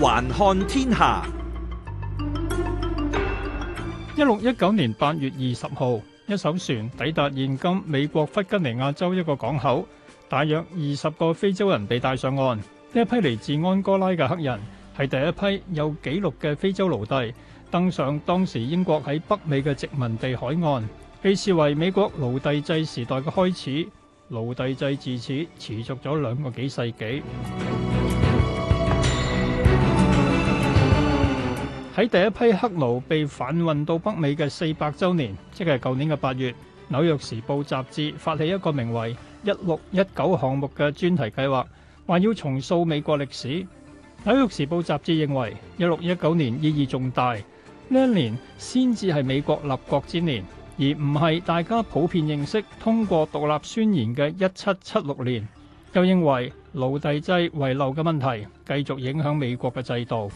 環看天下。一六一九年八月二十號，一艘船抵達現今美國弗吉尼亞州一個港口，大約二十個非洲人被帶上岸。呢一批嚟自安哥拉嘅黑人係第一批有紀錄嘅非洲奴隸登上當時英國喺北美嘅殖民地海岸，被視為美國奴隸制時代嘅開始。奴隸制自此持續咗兩個幾世紀。喺第一批黑奴被販運到北美嘅四百週年，即係舊年嘅八月，《紐約時報》雜誌發起一個名為「一六一九」項目嘅專題計劃，話要重塑美國歷史。《紐約時報》雜誌認為，一六一九年意義重大，呢一年先至係美國立國之年，而唔係大家普遍認識通過獨立宣言嘅一七七六年。又認為奴隸制遺留嘅問題繼續影響美國嘅制度。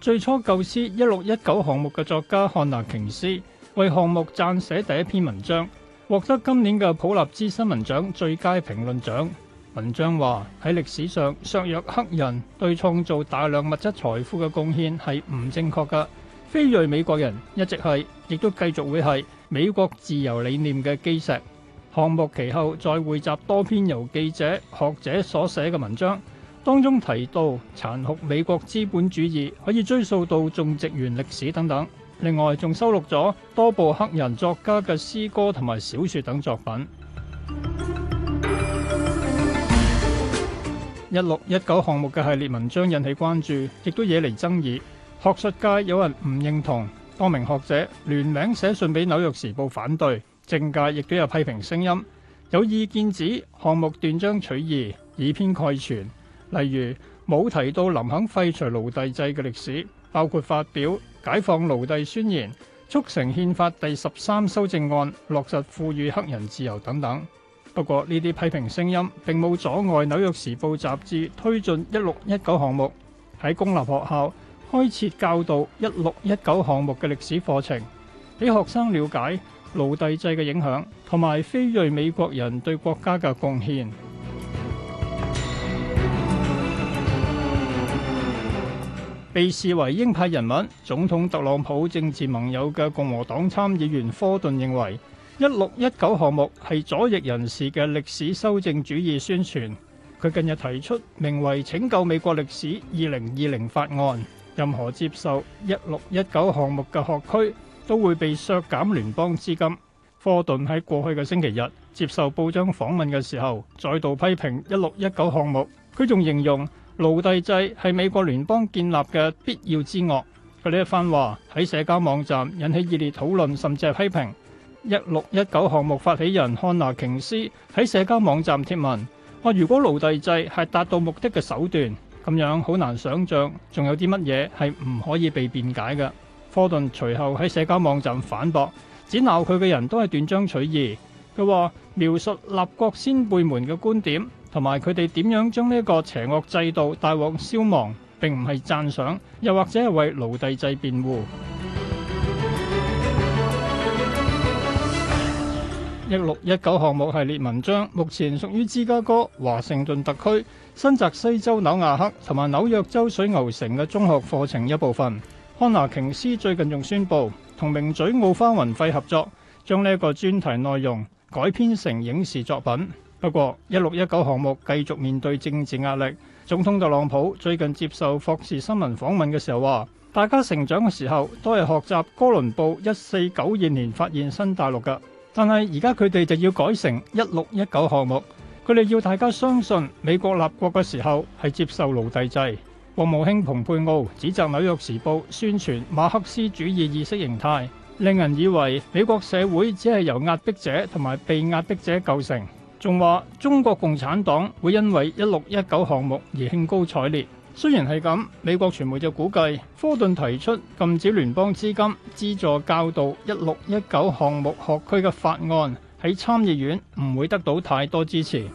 最初構思一六一九項目嘅作家漢娜瓊斯為項目撰寫第一篇文章，獲得今年嘅普立茲新聞獎最佳評論獎。文章話喺歷史上削弱黑人對創造大量物質財富嘅貢獻係唔正確㗎，非裔美國人一直係，亦都繼續會係美國自由理念嘅基石。項目其後再匯集多篇由記者、學者所寫嘅文章。當中提到殘酷美國資本主義可以追溯到種植園歷史等等。另外，仲收錄咗多部黑人作家嘅詩歌同埋小說等作品。一六一九項目嘅系列文章引起關注，亦都惹嚟爭議。學術界有人唔認同，多名學者聯名寫信俾《紐約時報》反對。政界亦都有批評聲音，有意見指項目斷章取義，以偏概全。例如冇提到林肯廢除奴隸制嘅歷史，包括發表《解放奴隸宣言》、促成憲法第十三修正案、落實賦予黑人自由等等。不過呢啲批評聲音並冇阻礙《紐約時報》雜誌推進一六一九項目，喺公立學校開設教導一六一九項目嘅歷史課程，俾學生了解奴隸制嘅影響同埋非裔美國人對國家嘅貢獻。被視為鷹派人物、總統特朗普政治盟友嘅共和黨參議員科頓認為，一六一九項目係左翼人士嘅歷史修正主義宣傳。佢近日提出名為《拯救美國歷史2020法案》，任何接受一六一九項目嘅學區都會被削減聯邦資金。科頓喺過去嘅星期日接受報章訪問嘅時候，再度批評一六一九項目。佢仲形容。奴隸制係美國聯邦建立嘅必要之惡。佢呢一番話喺社交網站引起熱烈討論，甚至係批評。一六一九項目發起人漢娜瓊斯喺社交網站貼文，話如果奴隸制係達到目的嘅手段，咁樣好難想像仲有啲乜嘢係唔可以被辯解嘅。科頓隨後喺社交網站反駁，指鬧佢嘅人都係斷章取義。佢話描述立國先輩們嘅觀點。同埋佢哋點樣將呢個邪惡制度帶往消亡，並唔係讚賞，又或者係為奴隸制辯護。一六一九項目系列文章目前屬於芝加哥、華盛頓特區、新澤西州紐亞克同埋紐約州水牛城嘅中學課程一部分。康拿瓊斯最近仲宣布同名嘴奧花雲費合作，將呢個專題內容改編成影視作品。不過，一六一九項目繼續面對政治壓力。總統特朗普最近接受《霍士新聞》訪問嘅時候話，大家成長嘅時候都係學習哥倫布一四九二年發現新大陸嘅，但係而家佢哋就要改成一六一九項目。佢哋要大家相信美國立國嘅時候係接受奴隸制。國務卿蓬佩奧指責《紐約時報》宣傳馬克思主義意識形態，令人以為美國社會只係由壓迫者同埋被壓迫者構成。仲話中國共產黨會因為一六一九項目而興高采烈。雖然係咁，美國傳媒就估計科頓提出禁止聯邦資金資助教導一六一九項目學區嘅法案，喺參議院唔會得到太多支持。